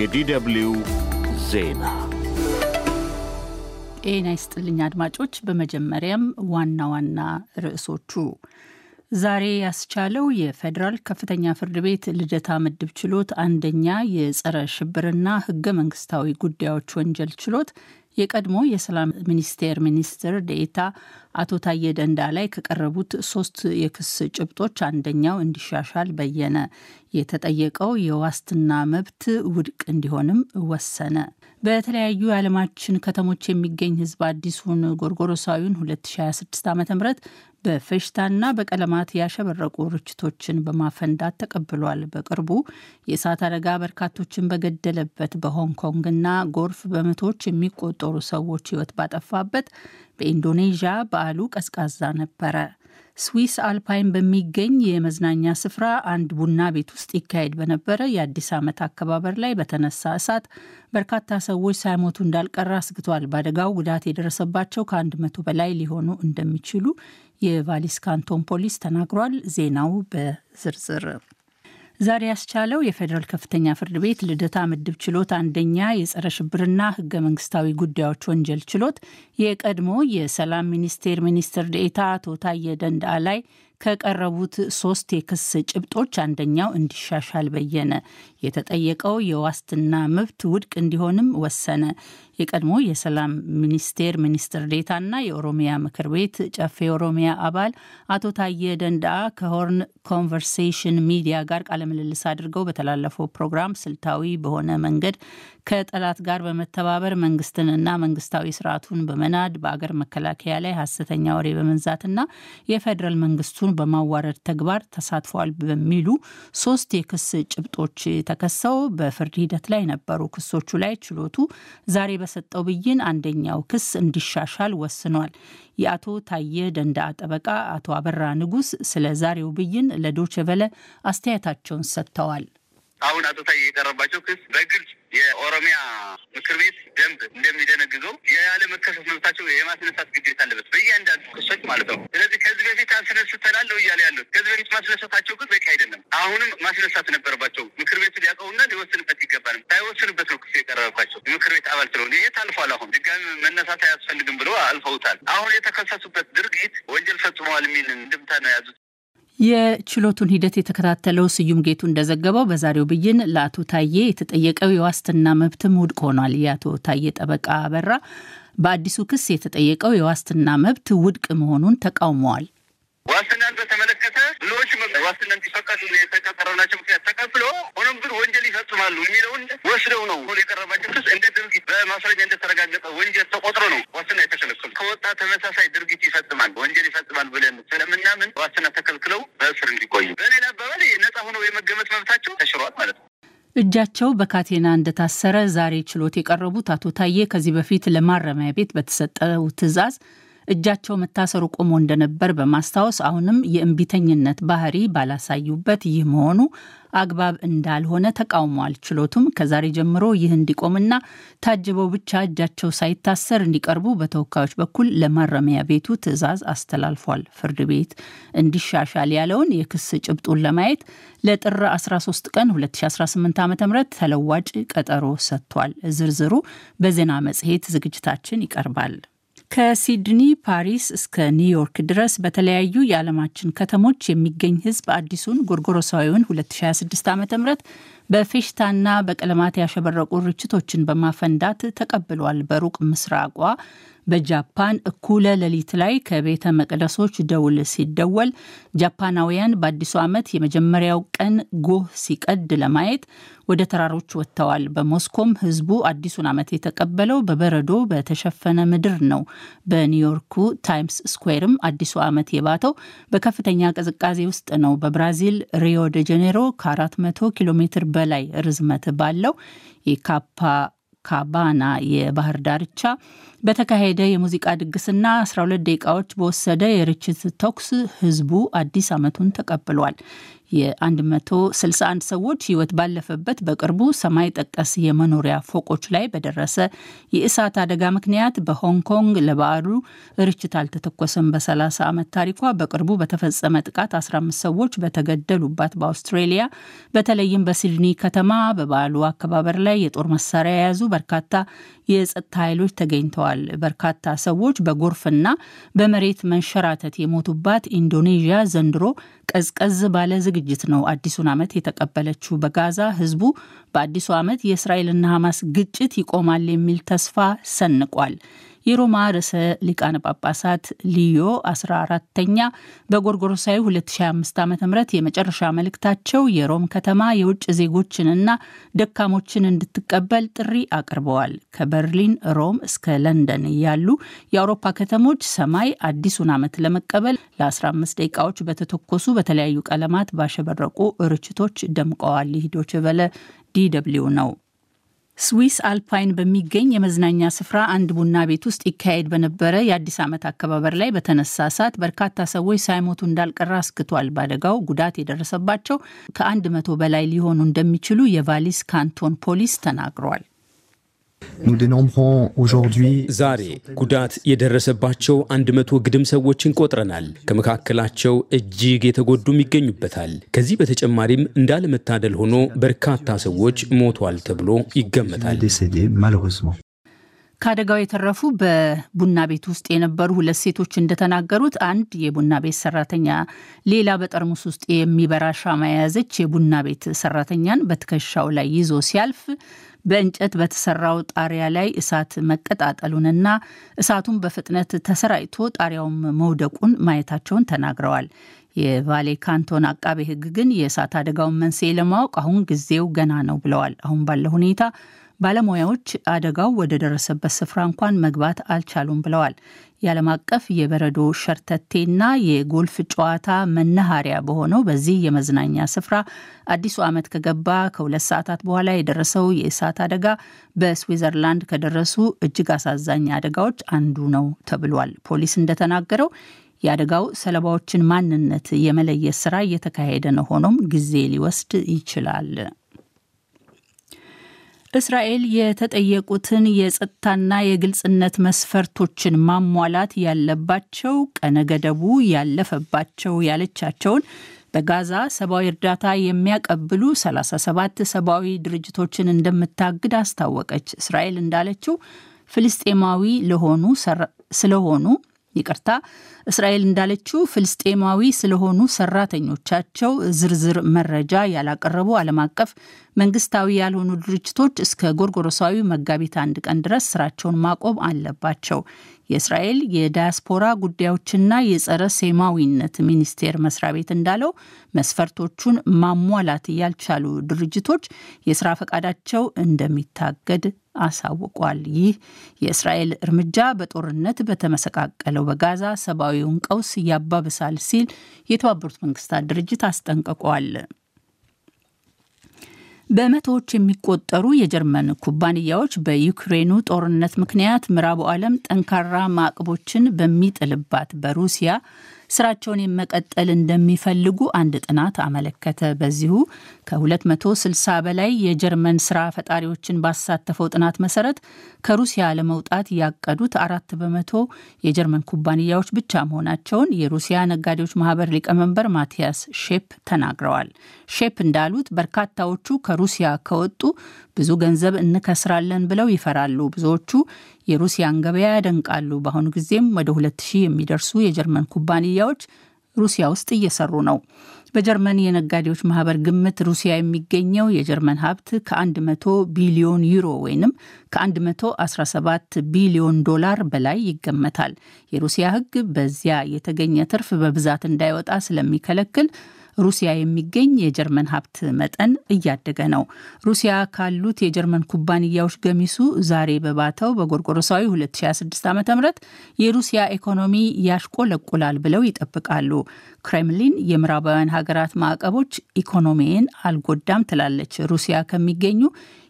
የዲደብሊው ዜና ጤና ይስጥልኝ አድማጮች። በመጀመሪያም ዋና ዋና ርዕሶቹ ዛሬ ያስቻለው የፌዴራል ከፍተኛ ፍርድ ቤት ልደታ ምድብ ችሎት አንደኛ የጸረ ሽብርና ህገ መንግስታዊ ጉዳዮች ወንጀል ችሎት የቀድሞ የሰላም ሚኒስቴር ሚኒስትር ዴኤታ አቶ ታዬ ደንዳ ላይ ከቀረቡት ሶስት የክስ ጭብጦች አንደኛው እንዲሻሻል በየነ። የተጠየቀው የዋስትና መብት ውድቅ እንዲሆንም ወሰነ። በተለያዩ የዓለማችን ከተሞች የሚገኝ ህዝብ አዲሱን ጎርጎሮሳዊን 2026 ዓ ም በፌሽታና በቀለማት ያሸበረቁ ርችቶችን በማፈንዳት ተቀብሏል። በቅርቡ የእሳት አደጋ በርካቶችን በገደለበት በሆንኮንግና ጎርፍ በመቶዎች የሚቆጠሩ ሰዎች ህይወት ባጠፋበት በኢንዶኔዥያ በዓሉ ቀዝቃዛ ነበረ። ስዊስ አልፓይን በሚገኝ የመዝናኛ ስፍራ አንድ ቡና ቤት ውስጥ ይካሄድ በነበረ የአዲስ ዓመት አከባበር ላይ በተነሳ እሳት በርካታ ሰዎች ሳይሞቱ እንዳልቀረ አስግቷል። በአደጋው ጉዳት የደረሰባቸው ከአንድ መቶ በላይ ሊሆኑ እንደሚችሉ የቫሊስ ካንቶን ፖሊስ ተናግሯል። ዜናው በዝርዝር ዛሬ ያስቻለው የፌዴራል ከፍተኛ ፍርድ ቤት ልደታ ምድብ ችሎት አንደኛ የጸረ ሽብርና ህገ መንግስታዊ ጉዳዮች ወንጀል ችሎት የቀድሞ የሰላም ሚኒስቴር ሚኒስትር ዴኤታ አቶ ታዬ ደንደአ ላይ ከቀረቡት ሶስት የክስ ጭብጦች አንደኛው እንዲሻሻል በየነ። የተጠየቀው የዋስትና መብት ውድቅ እንዲሆንም ወሰነ። የቀድሞ የሰላም ሚኒስቴር ሚኒስትር ዴታና የኦሮሚያ ምክር ቤት ጨፌ የኦሮሚያ አባል አቶ ታዬ ደንዳአ ከሆርን ኮንቨርሴሽን ሚዲያ ጋር ቃለምልልስ አድርገው በተላለፈው ፕሮግራም ስልታዊ በሆነ መንገድ ከጠላት ጋር በመተባበር መንግስትንና መንግስታዊ ስርዓቱን በመናድ በአገር መከላከያ ላይ ሀሰተኛ ወሬ በመንዛትና የፌዴራል መንግስቱ መንግስቱን በማዋረድ ተግባር ተሳትፏል በሚሉ ሶስት የክስ ጭብጦች ተከሰው በፍርድ ሂደት ላይ ነበሩ። ክሶቹ ላይ ችሎቱ ዛሬ በሰጠው ብይን አንደኛው ክስ እንዲሻሻል ወስኗል። የአቶ ታየ ደንዳ ጠበቃ አቶ አበራ ንጉስ ስለ ዛሬው ብይን ለዶችቨለ አስተያየታቸውን ሰጥተዋል። አሁን አቶ ታየ የቀረባቸው ክስ በግልጽ የኦሮሚያ ምክር ቤት ደንብ እንደሚደነግገው ያለመከሰስ መብታቸው የማስነሳት ግዴታ አለበት በእያንዳንዱ ክሶች ማለት ነው። ስለዚህ ከዚህ በፊት አንስነስተናለው እያለ ያሉት ከዚህ በፊት ማስነሳታቸው ግን በቂ አይደለም። አሁንም ማስነሳት ነበረባቸው። ምክር ቤቱ ሊያውቀውና ሊወስንበት ይገባል። ሳይወስንበት ነው ክስ የቀረበባቸው የምክር ቤት አባል ስለሆነ ይህ ታልፏል። አሁን ድጋሚ መነሳት አያስፈልግም ብሎ አልፈውታል። አሁን የተከሰሱበት ድርጊት ወንጀል ፈጽመዋል የሚል እንድምታ ነው የያዙት። የችሎቱን ሂደት የተከታተለው ስዩም ጌቱ እንደዘገበው በዛሬው ብይን ለአቶ ታዬ የተጠየቀው የዋስትና መብትም ውድቅ ሆኗል። የአቶ ታዬ ጠበቃ አበራ በአዲሱ ክስ የተጠየቀው የዋስትና መብት ውድቅ መሆኑን ተቃውመዋል። ዋስትናን በተመለከተ ብዙዎች ዋስትና እንዲፈቀዱ የተቀጠረናቸው ምክንያት ተቀብሎ ሆኖም ግን ወንጀል ይፈጽማሉ የሚለውን ወስደው ነው ሁን የቀረባቸው ክስ እንደ ድርጊት በማስረጃ እንደተረጋገጠ ወንጀል ተቆጥሮ ነው ዋስትና የተከለከሉ ከወጣ ተመሳሳይ ድርጊት ይፈጽማል ወንጀል ይፈጽማል ብለን ምናምን ዋስትና ተከልክለው በእስር እንዲቆዩ፣ በሌላ አባባል ነጻ ሆነው የመገመት መብታቸው ተሽሯል ማለት ነው። እጃቸው በካቴና እንደታሰረ ዛሬ ችሎት የቀረቡት አቶ ታዬ ከዚህ በፊት ለማረሚያ ቤት በተሰጠው ትዕዛዝ እጃቸው መታሰሩ ቆሞ እንደነበር በማስታወስ አሁንም የእምቢተኝነት ባህሪ ባላሳዩበት ይህ መሆኑ አግባብ እንዳልሆነ ተቃውሟል። ችሎቱም ከዛሬ ጀምሮ ይህ እንዲቆምና ታጅበው ብቻ እጃቸው ሳይታሰር እንዲቀርቡ በተወካዮች በኩል ለማረሚያ ቤቱ ትዕዛዝ አስተላልፏል። ፍርድ ቤት እንዲሻሻል ያለውን የክስ ጭብጡን ለማየት ለጥር 13 ቀን 2018 ዓ ም ተለዋጭ ቀጠሮ ሰጥቷል። ዝርዝሩ በዜና መጽሔት ዝግጅታችን ይቀርባል። ከሲድኒ ፓሪስ እስከ ኒውዮርክ ድረስ በተለያዩ የዓለማችን ከተሞች የሚገኝ ህዝብ አዲሱን ጎርጎሮሳዊውን 2026 ዓ ም በፌሽታና በቀለማት ያሸበረቁ ርችቶችን በማፈንዳት ተቀብሏል። በሩቅ ምስራቋ በጃፓን እኩለ ሌሊት ላይ ከቤተ መቅደሶች ደውል ሲደወል ጃፓናውያን በአዲሱ ዓመት የመጀመሪያው ቀን ጎህ ሲቀድ ለማየት ወደ ተራሮች ወጥተዋል። በሞስኮም ህዝቡ አዲሱን ዓመት የተቀበለው በበረዶ በተሸፈነ ምድር ነው። በኒውዮርኩ ታይምስ ስኩዌርም አዲሱ ዓመት የባተው በከፍተኛ ቅዝቃዜ ውስጥ ነው። በብራዚል ሪዮ ደ ጀኔሮ ከ400 ኪሎ ሜትር በላይ ርዝመት ባለው የካፓ ካባና የባህር ዳርቻ በተካሄደ የሙዚቃ ድግስና 12 ደቂቃዎች በወሰደ የርችት ተኩስ ህዝቡ አዲስ ዓመቱን ተቀብሏል። የ161 ሰዎች ህይወት ባለፈበት በቅርቡ ሰማይ ጠቀስ የመኖሪያ ፎቆች ላይ በደረሰ የእሳት አደጋ ምክንያት በሆንግ ኮንግ ለበዓሉ ርችት አልተተኮሰም በ30 ዓመት ታሪኳ በቅርቡ በተፈጸመ ጥቃት 15 ሰዎች በተገደሉባት በአውስትሬሊያ በተለይም በሲድኒ ከተማ በበዓሉ አከባበር ላይ የጦር መሳሪያ የያዙ በርካታ የጸጥታ ኃይሎች ተገኝተዋል። በርካታ ሰዎች በጎርፍና በመሬት መንሸራተት የሞቱባት ኢንዶኔዥያ ዘንድሮ ቀዝቀዝ ባለ ዝግጅት ነው አዲሱን ዓመት የተቀበለችው። በጋዛ ህዝቡ በአዲሱ ዓመት የእስራኤልና ሐማስ ግጭት ይቆማል የሚል ተስፋ ሰንቋል። የሮማ ርዕሰ ሊቃነ ጳጳሳት ሊዮ 14ተኛ በጎርጎሮሳዊ 2025 ዓ ም የመጨረሻ መልእክታቸው የሮም ከተማ የውጭ ዜጎችንና ደካሞችን እንድትቀበል ጥሪ አቅርበዋል። ከበርሊን ሮም እስከ ለንደን ያሉ የአውሮፓ ከተሞች ሰማይ አዲሱን ዓመት ለመቀበል ለ15 ደቂቃዎች በተተኮሱ በተለያዩ ቀለማት ባሸበረቁ ርችቶች ደምቀዋል። ይህ ዶይቼ ቬለ ዲ ደብልዩ ነው። ስዊስ አልፓይን በሚገኝ የመዝናኛ ስፍራ አንድ ቡና ቤት ውስጥ ይካሄድ በነበረ የአዲስ ዓመት አከባበር ላይ በተነሳ እሳት በርካታ ሰዎች ሳይሞቱ እንዳልቀረ አስክቷል። በአደጋው ጉዳት የደረሰባቸው ከአንድ መቶ በላይ ሊሆኑ እንደሚችሉ የቫሊስ ካንቶን ፖሊስ ተናግሯል። ዛሬ ጉዳት የደረሰባቸው አንድ መቶ ግድም ሰዎችን ቆጥረናል። ከመካከላቸው እጅግ የተጎዱም ይገኙበታል። ከዚህ በተጨማሪም እንዳለመታደል ሆኖ በርካታ ሰዎች ሞቷል ተብሎ ይገመታል። ከአደጋው የተረፉ በቡና ቤት ውስጥ የነበሩ ሁለት ሴቶች እንደተናገሩት አንድ የቡና ቤት ሰራተኛ ሌላ በጠርሙስ ውስጥ የሚበራ ሻማ የያዘች የቡና ቤት ሰራተኛን በትከሻው ላይ ይዞ ሲያልፍ በእንጨት በተሰራው ጣሪያ ላይ እሳት መቀጣጠሉንና እሳቱን በፍጥነት ተሰራጭቶ ጣሪያውም መውደቁን ማየታቸውን ተናግረዋል። የቫሌ ካንቶን አቃቤ ሕግ ግን የእሳት አደጋውን መንስኤ ለማወቅ አሁን ጊዜው ገና ነው ብለዋል። አሁን ባለው ሁኔታ ባለሙያዎች አደጋው ወደ ደረሰበት ስፍራ እንኳን መግባት አልቻሉም ብለዋል። የዓለም አቀፍ የበረዶ ሸርተቴና የጎልፍ ጨዋታ መናኸሪያ በሆነው በዚህ የመዝናኛ ስፍራ አዲሱ ዓመት ከገባ ከሁለት ሰዓታት በኋላ የደረሰው የእሳት አደጋ በስዊዘርላንድ ከደረሱ እጅግ አሳዛኝ አደጋዎች አንዱ ነው ተብሏል። ፖሊስ እንደተናገረው የአደጋው ሰለባዎችን ማንነት የመለየት ስራ እየተካሄደ ነው። ሆኖም ጊዜ ሊወስድ ይችላል። እስራኤል የተጠየቁትን የጸጥታና የግልጽነት መስፈርቶችን ማሟላት ያለባቸው ቀነ ገደቡ ያለፈባቸው ያለቻቸውን በጋዛ ሰብአዊ እርዳታ የሚያቀብሉ 37 ሰብአዊ ድርጅቶችን እንደምታግድ አስታወቀች። እስራኤል እንዳለችው ፍልስጤማዊ ለሆኑ ስለሆኑ ይቅርታ፣ እስራኤል እንዳለችው ፍልስጤማዊ ስለሆኑ ሰራተኞቻቸው ዝርዝር መረጃ ያላቀረቡ ዓለም አቀፍ መንግስታዊ ያልሆኑ ድርጅቶች እስከ ጎርጎሮሳዊ መጋቢት አንድ ቀን ድረስ ስራቸውን ማቆም አለባቸው። የእስራኤል የዳያስፖራ ጉዳዮችና የጸረ ሴማዊነት ሚኒስቴር መስሪያ ቤት እንዳለው መስፈርቶቹን ማሟላት ያልቻሉ ድርጅቶች የስራ ፈቃዳቸው እንደሚታገድ አሳውቋል። ይህ የእስራኤል እርምጃ በጦርነት በተመሰቃቀለው በጋዛ ሰብአዊውን ቀውስ ያባብሳል ሲል የተባበሩት መንግስታት ድርጅት አስጠንቅቋል። በመቶዎች የሚቆጠሩ የጀርመን ኩባንያዎች በዩክሬኑ ጦርነት ምክንያት ምዕራቡ ዓለም ጠንካራ ማዕቀቦችን በሚጥልባት በሩሲያ ስራቸውን የመቀጠል እንደሚፈልጉ አንድ ጥናት አመለከተ። በዚሁ ከ260 በላይ የጀርመን ስራ ፈጣሪዎችን ባሳተፈው ጥናት መሰረት ከሩሲያ ለመውጣት ያቀዱት አራት በመቶ የጀርመን ኩባንያዎች ብቻ መሆናቸውን የሩሲያ ነጋዴዎች ማህበር ሊቀመንበር ማቲያስ ሼፕ ተናግረዋል። ሼፕ እንዳሉት በርካታዎቹ ከሩሲያ ከወጡ ብዙ ገንዘብ እንከስራለን ብለው ይፈራሉ። ብዙዎቹ የሩሲያን ገበያ ያደንቃሉ። በአሁኑ ጊዜም ወደ 2000 የሚደርሱ የጀርመን ኩባንያ ኩባንያዎች ሩሲያ ውስጥ እየሰሩ ነው። በጀርመን የነጋዴዎች ማህበር ግምት ሩሲያ የሚገኘው የጀርመን ሀብት ከ100 ቢሊዮን ዩሮ ወይም ከ117 ቢሊዮን ዶላር በላይ ይገመታል። የሩሲያ ሕግ በዚያ የተገኘ ትርፍ በብዛት እንዳይወጣ ስለሚከለክል ሩሲያ የሚገኝ የጀርመን ሀብት መጠን እያደገ ነው። ሩሲያ ካሉት የጀርመን ኩባንያዎች ገሚሱ ዛሬ በባተው በጎርጎሮሳዊ 2026 ዓ ም የሩሲያ ኢኮኖሚ ያሽቆለቁላል ብለው ይጠብቃሉ። ክሬምሊን የምዕራባውያን ሀገራት ማዕቀቦች ኢኮኖሚን አልጎዳም ትላለች። ሩሲያ ከሚገኙ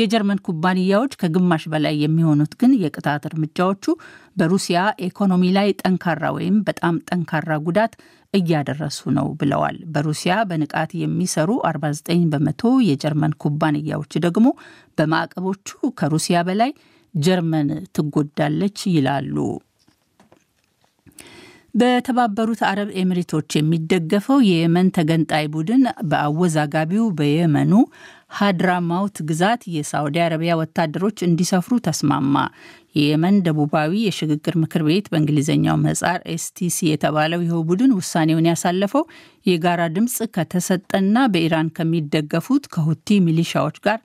የጀርመን ኩባንያዎች ከግማሽ በላይ የሚሆኑት ግን የቅጣት እርምጃዎቹ በሩሲያ ኢኮኖሚ ላይ ጠንካራ ወይም በጣም ጠንካራ ጉዳት እያደረሱ ነው ብለዋል። በሩሲያ በንቃት የሚሰሩ 49 በመቶ የጀርመን ኩባንያዎች ደግሞ በማዕቀቦቹ ከሩሲያ በላይ ጀርመን ትጎዳለች ይላሉ። በተባበሩት አረብ ኤምሬቶች የሚደገፈው የየመን ተገንጣይ ቡድን በአወዛጋቢው በየመኑ ሀድራማውት ግዛት የሳውዲ አረቢያ ወታደሮች እንዲሰፍሩ ተስማማ። የየመን ደቡባዊ የሽግግር ምክር ቤት በእንግሊዝኛው ምህጻር ኤስቲሲ የተባለው ይኸው ቡድን ውሳኔውን ያሳለፈው የጋራ ድምፅ ከተሰጠና በኢራን ከሚደገፉት ከሁቲ ሚሊሻዎች ጋር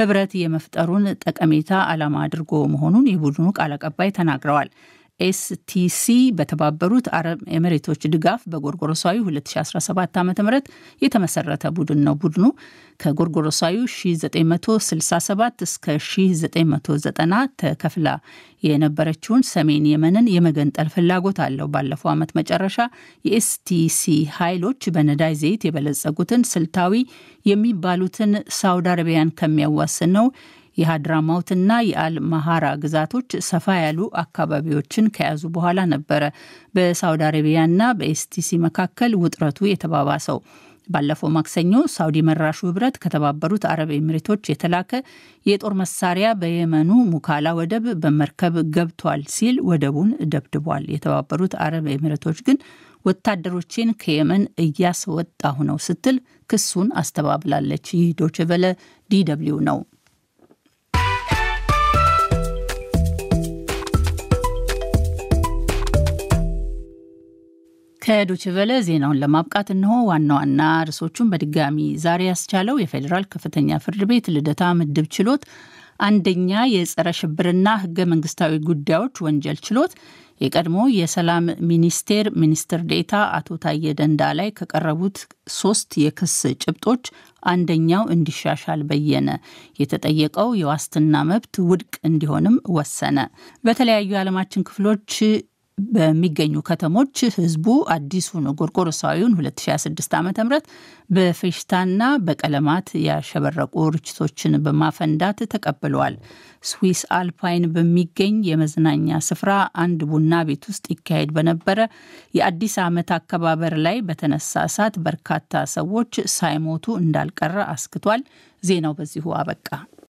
ህብረት የመፍጠሩን ጠቀሜታ ዓላማ አድርጎ መሆኑን የቡድኑ ቃል አቀባይ ተናግረዋል። ኤስቲሲ በተባበሩት አረብ ኤምሬቶች ድጋፍ በጎርጎሮሳዊ 2017 ዓ ም የተመሰረተ ቡድን ነው። ቡድኑ ከጎርጎሮሳዊ 967 እስከ 990 ተከፍላ የነበረችውን ሰሜን የመንን የመገንጠል ፍላጎት አለው። ባለፈው ዓመት መጨረሻ የኤስቲሲ ኃይሎች በነዳጅ ዘይት የበለጸጉትን ስልታዊ የሚባሉትን ሳውዲ አረቢያን ከሚያዋስን ነው የሀድራማውትና የአልማሃራ ግዛቶች ሰፋ ያሉ አካባቢዎችን ከያዙ በኋላ ነበረ በሳውዲ አረቢያና በኤስቲሲ መካከል ውጥረቱ የተባባሰው። ባለፈው ማክሰኞ ሳውዲ መራሹ ህብረት ከተባበሩት አረብ ኤምሬቶች የተላከ የጦር መሳሪያ በየመኑ ሙካላ ወደብ በመርከብ ገብቷል ሲል ወደቡን ደብድቧል። የተባበሩት አረብ ኤምሬቶች ግን ወታደሮቼን ከየመን እያስወጣሁ ነው ስትል ክሱን አስተባብላለች። ይህ ዶችቨለ ዲ ደብልዩ ነው። ከዶችቨለ ዜናውን ለማብቃት እንሆ ዋና ዋና ርዕሶቹን በድጋሚ ዛሬ ያስቻለው የፌዴራል ከፍተኛ ፍርድ ቤት ልደታ ምድብ ችሎት አንደኛ የጸረ ሽብርና ህገ መንግስታዊ ጉዳዮች ወንጀል ችሎት የቀድሞ የሰላም ሚኒስቴር ሚኒስትር ዴታ አቶ ታየ ደንዳ ላይ ከቀረቡት ሶስት የክስ ጭብጦች አንደኛው እንዲሻሻል በየነ። የተጠየቀው የዋስትና መብት ውድቅ እንዲሆንም ወሰነ። በተለያዩ የዓለማችን ክፍሎች በሚገኙ ከተሞች ህዝቡ አዲሱን ጎርጎሮሳዊውን 2026 ዓ ም በፌሽታና በቀለማት ያሸበረቁ ርችቶችን በማፈንዳት ተቀብለዋል። ስዊስ አልፓይን በሚገኝ የመዝናኛ ስፍራ አንድ ቡና ቤት ውስጥ ይካሄድ በነበረ የአዲስ ዓመት አከባበር ላይ በተነሳ እሳት በርካታ ሰዎች ሳይሞቱ እንዳልቀረ አስክቷል። ዜናው በዚሁ አበቃ።